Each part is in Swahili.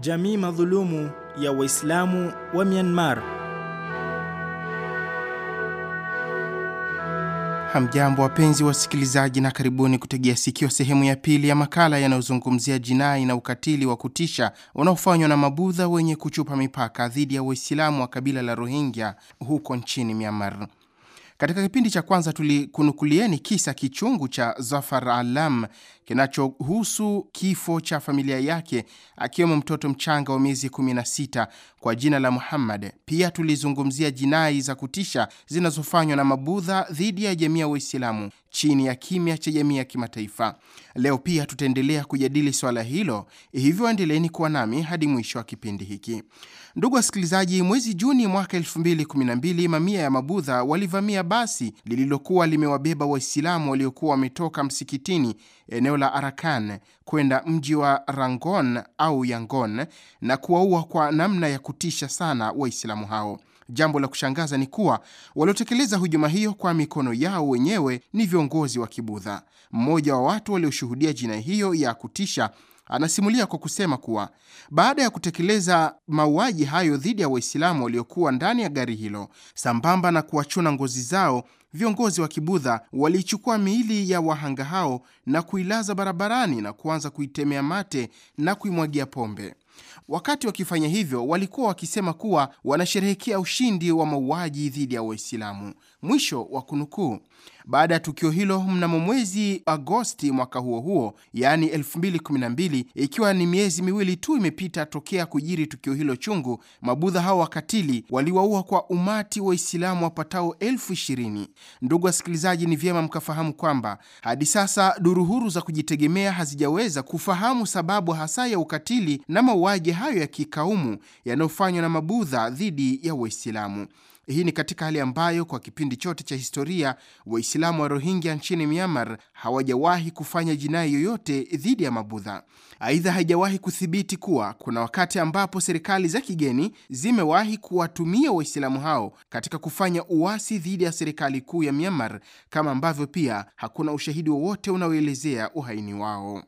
Jamii madhulumu ya Waislamu wa Myanmar. Hamjambo wapenzi wasikilizaji, na karibuni kutegea sikio sehemu ya pili ya makala yanayozungumzia jinai na ukatili wa kutisha unaofanywa na mabudha wenye kuchupa mipaka dhidi ya Waislamu wa kabila la Rohingya huko nchini Myanmar. Katika kipindi cha kwanza tulikunukulieni kisa kichungu cha Zafar Alam kinachohusu kifo cha familia yake akiwemo mtoto mchanga wa miezi 16 kwa jina la Muhammad. Pia tulizungumzia jinai za kutisha zinazofanywa na mabudha dhidi ya jamii ya Waislamu chini ya kimya cha jamii ya kimataifa. Leo pia tutaendelea kujadili swala hilo, hivyo endeleeni kuwa nami hadi mwisho wa kipindi hiki. Ndugu wasikilizaji, mwezi Juni mwaka 2012 mamia ya mabudha walivamia basi lililokuwa limewabeba Waislamu waliokuwa wametoka msikitini eneo la Arakan kwenda mji wa Rangon au Yangon na kuwaua kwa namna ya kutisha sana Waislamu hao. Jambo la kushangaza ni kuwa waliotekeleza hujuma hiyo kwa mikono yao wenyewe ni viongozi wa Kibudha. Mmoja wa watu walioshuhudia jinai hiyo ya kutisha anasimulia kwa kusema kuwa baada ya kutekeleza mauaji hayo dhidi ya Waislamu waliokuwa ndani ya gari hilo, sambamba na kuwachuna ngozi zao, viongozi wa Kibudha waliichukua miili ya wahanga hao na kuilaza barabarani na kuanza kuitemea mate na kuimwagia pombe. Wakati wakifanya hivyo, walikuwa wakisema kuwa wanasherehekea ushindi wa mauaji dhidi ya Waislamu. Mwisho wa kunukuu. Baada ya tukio hilo mnamo mwezi Agosti mwaka huo huo, yaani 2012, ikiwa ni miezi miwili tu imepita tokea kujiri tukio hilo chungu, mabudha hao wakatili waliwaua kwa umati Waislamu wapatao elfu ishirini. Ndugu wasikilizaji, ni vyema mkafahamu kwamba hadi sasa duru huru za kujitegemea hazijaweza kufahamu sababu hasa ya ukatili na mauaji mauaji hayo ya kikaumu yanayofanywa na mabudha dhidi ya Waislamu. Hii ni katika hali ambayo kwa kipindi chote cha historia Waislamu wa Rohingya nchini Myanmar hawajawahi kufanya jinai yoyote dhidi ya Mabudha. Aidha, haijawahi kuthibiti kuwa kuna wakati ambapo serikali za kigeni zimewahi kuwatumia Waislamu hao katika kufanya uasi dhidi ya serikali kuu ya Myanmar, kama ambavyo pia hakuna ushahidi wowote unaoelezea uhaini wao.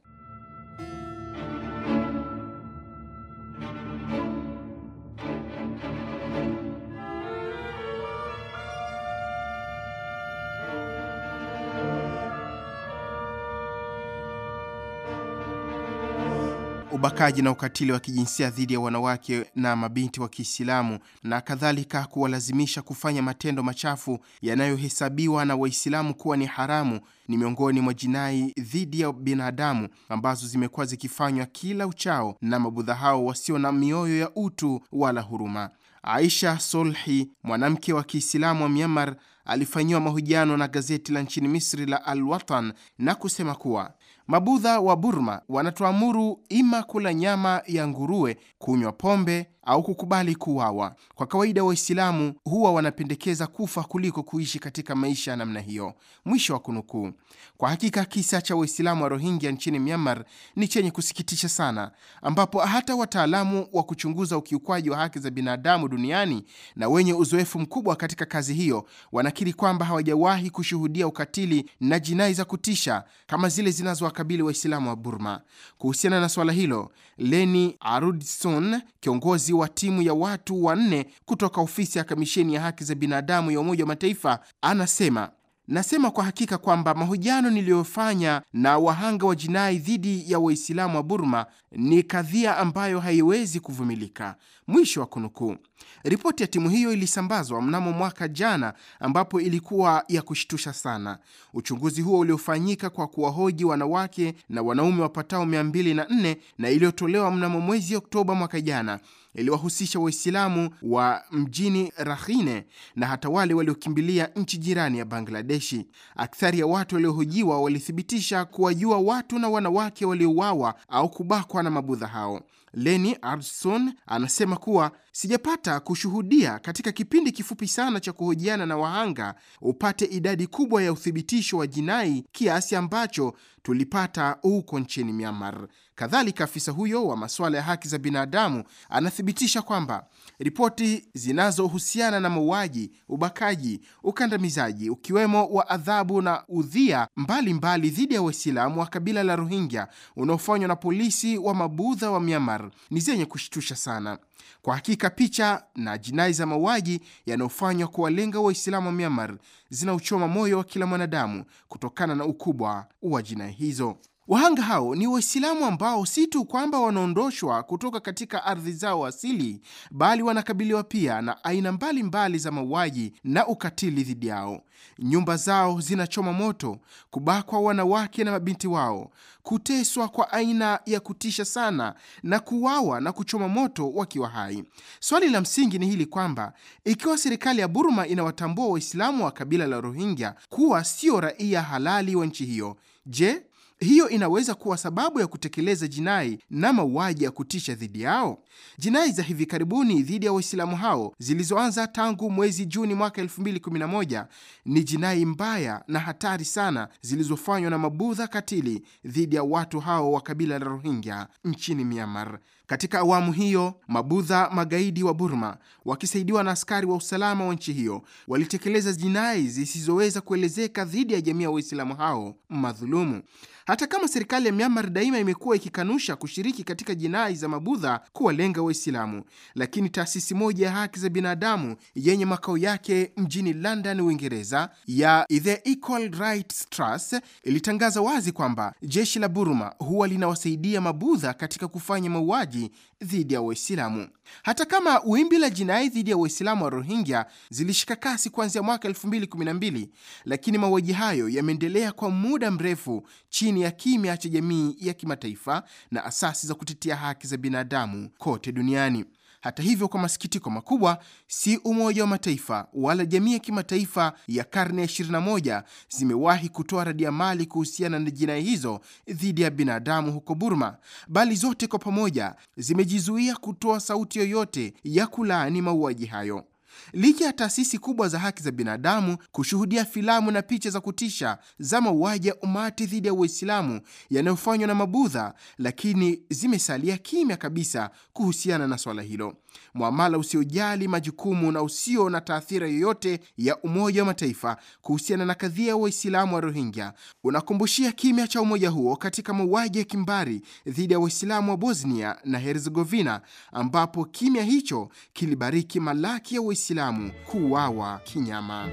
ubakaji na ukatili wa kijinsia dhidi ya wanawake na mabinti wa Kiislamu na kadhalika, kuwalazimisha kufanya matendo machafu yanayohesabiwa na Waislamu kuwa ni haramu ni miongoni mwa jinai dhidi ya binadamu ambazo zimekuwa zikifanywa kila uchao na mabudha hao wasio na mioyo ya utu wala huruma. Aisha Solhi, mwanamke wa Kiislamu wa Myanmar, alifanyiwa mahojiano na gazeti la nchini Misri la Al Watan na kusema kuwa Mabudha wa Burma wanatuamuru ima kula nyama ya nguruwe, kunywa pombe au kukubali kuuawa. Kwa kawaida, Waislamu huwa wanapendekeza kufa kuliko kuishi katika maisha ya namna hiyo. Mwisho wa kunukuu. Kwa hakika kisa cha Waislamu wa Rohingya nchini Myanmar ni chenye kusikitisha sana, ambapo hata wataalamu wa kuchunguza ukiukwaji wa haki za binadamu duniani na wenye uzoefu mkubwa katika kazi hiyo wanakiri kwamba hawajawahi kushuhudia ukatili na jinai za kutisha kama zile zinazo kuwakabili Waislamu wa Burma. Kuhusiana na suala hilo, Leni Arudson, kiongozi wa timu ya watu wanne kutoka ofisi ya kamisheni ya haki za binadamu ya Umoja wa Mataifa, anasema Nasema kwa hakika kwamba mahojiano niliyofanya na wahanga wa jinai dhidi ya Waislamu wa Burma ni kadhia ambayo haiwezi kuvumilika. Mwisho wa kunukuu. Ripoti ya timu hiyo ilisambazwa mnamo mwaka jana, ambapo ilikuwa ya kushtusha sana. Uchunguzi huo uliofanyika kwa kuwahoji wanawake na wanaume wapatao 204 na iliyotolewa mnamo mwezi Oktoba mwaka jana iliwahusisha Waislamu wa mjini Rakhine na hata wale waliokimbilia nchi jirani ya Bangladeshi. Akthari ya watu waliohojiwa walithibitisha kuwajua watu na wanawake waliouawa au kubakwa na mabudha hao. Leni Arson anasema kuwa sijapata kushuhudia katika kipindi kifupi sana cha kuhojiana na wahanga upate idadi kubwa ya uthibitisho wa jinai kiasi ambacho tulipata huko nchini Myanmar. Kadhalika, afisa huyo wa masuala ya haki za binadamu anathibitisha kwamba ripoti zinazohusiana na mauaji, ubakaji, ukandamizaji ukiwemo wa adhabu na udhia mbalimbali dhidi ya Waislamu wa kabila la Rohingya unaofanywa na polisi wa mabudha wa Myanmar ni zenye kushtusha sana. Kwa hakika, picha na jinai za mauaji yanayofanywa kuwalenga Waislamu wa Myanmar zinauchoma moyo wa kila mwanadamu kutokana na ukubwa wa jinai hizo. Wahanga hao ni Waislamu ambao si tu kwamba wanaondoshwa kutoka katika ardhi zao asili, bali wanakabiliwa pia na aina mbalimbali mbali za mauaji na ukatili dhidi yao. Nyumba zao zinachoma moto, kubakwa wanawake na mabinti wao, kuteswa kwa aina ya kutisha sana, na kuwawa na kuchoma moto wakiwa hai. Swali la msingi ni hili kwamba ikiwa serikali ya Burma inawatambua Waislamu wa kabila la Rohingya kuwa sio raia halali wa nchi hiyo, je, hiyo inaweza kuwa sababu ya kutekeleza jinai na mauaji ya kutisha dhidi yao. Jinai za hivi karibuni dhidi ya Waislamu hao zilizoanza tangu mwezi Juni mwaka 2011 ni jinai mbaya na hatari sana zilizofanywa na mabudha katili dhidi ya watu hao wa kabila la Rohingya nchini Myanmar. Katika awamu hiyo, mabudha magaidi wa Burma wakisaidiwa na askari wa usalama wa nchi hiyo walitekeleza jinai zisizoweza kuelezeka dhidi ya jamii ya Waislamu hao madhulumu. Hata kama serikali ya Myanmar daima imekuwa ikikanusha kushiriki katika jinai za mabudha kuwalenga Waislamu, lakini taasisi moja ya haki za binadamu yenye makao yake mjini London, Uingereza, ya The Equal Rights Trust ilitangaza wazi kwamba jeshi la Burma huwa linawasaidia mabudha katika kufanya mauaji dhidi ya Waislamu. Hata kama wimbi la jinai dhidi ya Waislamu wa Rohingya zilishika kasi kuanzia mwaka 2012, lakini mauaji hayo yameendelea kwa muda mrefu chini ndani ya kimya cha jamii ya kimataifa na asasi za kutetea haki za binadamu kote duniani. Hata hivyo, kwa masikitiko makubwa, si Umoja wa Mataifa wala jamii ya kimataifa ya karne ya 21 zimewahi kutoa mali kuhusiana na jinai hizo dhidi ya binadamu huko Burma, bali zote kwa pamoja zimejizuia kutoa sauti yoyote ya kulaani mauaji hayo licha ya taasisi kubwa za haki za binadamu kushuhudia filamu na picha za kutisha za mauaji ya umati dhidi ya Uislamu yanayofanywa na Mabudha, lakini zimesalia kimya kabisa kuhusiana na swala hilo mwamala usiojali majukumu na usio na taathira yoyote ya Umoja wa Mataifa kuhusiana na kadhia ya Waislamu wa Rohingya unakumbushia kimya cha umoja huo katika mauaji ya kimbari dhidi ya Waislamu wa Bosnia na Herzegovina, ambapo kimya hicho kilibariki malaki ya Waislamu kuuawa kinyama.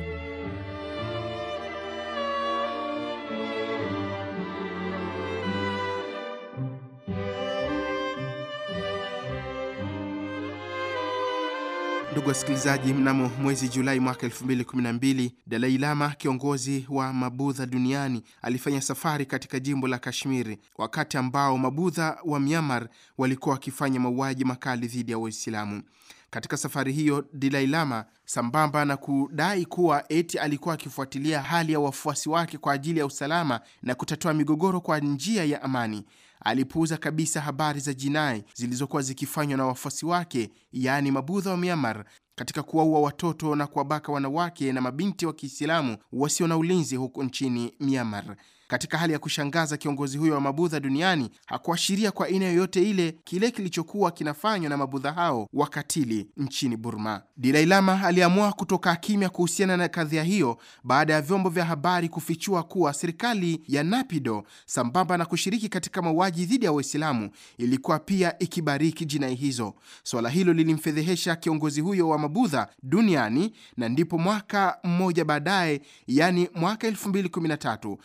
Ndugu wasikilizaji, mnamo mwezi Julai mwaka 2012 Dalai Lama, kiongozi wa mabudha duniani, alifanya safari katika jimbo la Kashmiri wakati ambao mabudha wa Myanmar walikuwa wakifanya mauaji makali dhidi ya Waislamu. Katika safari hiyo, Dalai Lama sambamba na kudai kuwa eti alikuwa akifuatilia hali ya wafuasi wake kwa ajili ya usalama na kutatua migogoro kwa njia ya amani, alipuuza kabisa habari za jinai zilizokuwa zikifanywa na wafuasi wake, yaani mabudha wa Myanmar katika kuwaua watoto na kuwabaka wanawake na mabinti wa Kiislamu wasio na ulinzi huko nchini Myanmar. Katika hali ya kushangaza, kiongozi huyo wa mabudha duniani hakuashiria kwa aina yoyote ile kile kilichokuwa kinafanywa na mabudha hao wakatili nchini Burma. Dalai Lama aliamua kutoka kimya kuhusiana na kadhia hiyo baada ya vyombo vya habari kufichua kuwa serikali ya Napido, sambamba na kushiriki katika mauaji dhidi ya Waislamu, ilikuwa pia ikibariki jinai hizo. Swala hilo lilimfedhehesha kiongozi huyo wa mabudha duniani, na ndipo mwaka mmoja baadaye, yani mwaka 2013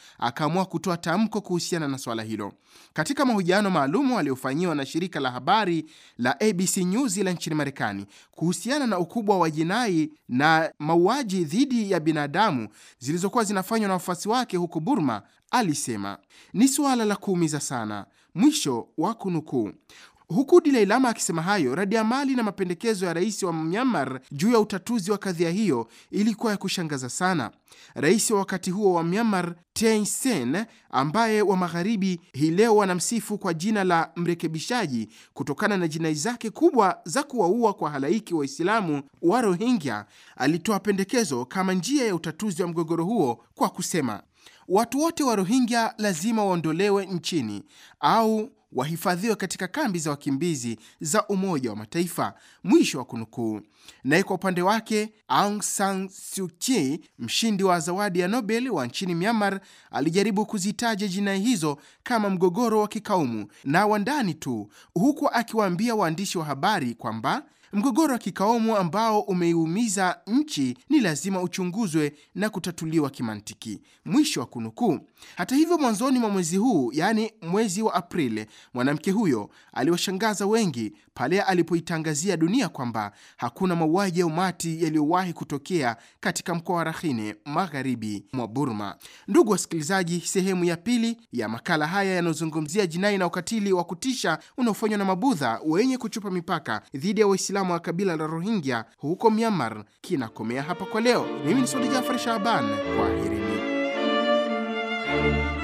kuamua kutoa tamko kuhusiana na swala hilo. Katika mahojiano maalum aliyofanyiwa na shirika la habari la ABC News la nchini Marekani kuhusiana na ukubwa wa jinai na mauaji dhidi ya binadamu zilizokuwa zinafanywa na wafuasi wake huko Burma, alisema ni suala la kuumiza sana, mwisho wa kunukuu. Huku Dalai Lama akisema hayo, radi ya mali na mapendekezo ya rais wa Myanmar juu ya utatuzi wa kadhia hiyo ilikuwa ya kushangaza sana. Rais wa wakati huo wa Myanmar, Thein Sein, ambaye wa magharibi hii leo wanamsifu kwa jina la mrekebishaji kutokana na jinai zake kubwa za kuwaua kwa halaiki Waislamu wa Rohingya, alitoa pendekezo kama njia ya utatuzi wa mgogoro huo kwa kusema, watu wote wa Rohingya lazima waondolewe nchini au wahifadhiwe katika kambi za wakimbizi za Umoja wa Mataifa, mwisho wa kunukuu. Naye kwa upande wake Aung San Suu Kyi, mshindi wa zawadi ya Nobel wa nchini Myanmar, alijaribu kuzitaja jinai hizo kama mgogoro wa kikaumu na wa ndani tu, huku akiwaambia waandishi wa habari kwamba Mgogoro wa kikaomo ambao umeiumiza nchi ni lazima uchunguzwe na kutatuliwa kimantiki. Mwisho wa kunukuu. Hata hivyo, mwanzoni mwa mwezi huu, yaani mwezi wa Aprili, mwanamke huyo aliwashangaza wengi pale alipoitangazia dunia kwamba hakuna mauaji ya umati yaliyowahi kutokea katika mkoa wa Rakhine magharibi mwa Burma. Ndugu wasikilizaji, sehemu ya pili ya makala haya yanayozungumzia jinai na ukatili wa kutisha unaofanywa na mabudha wenye kuchupa mipaka dhidi ya Waislamu wa kabila la Rohingya huko Myanmar kinakomea hapa kwa leo. Mimi ni Saudi Jafari Shaban, you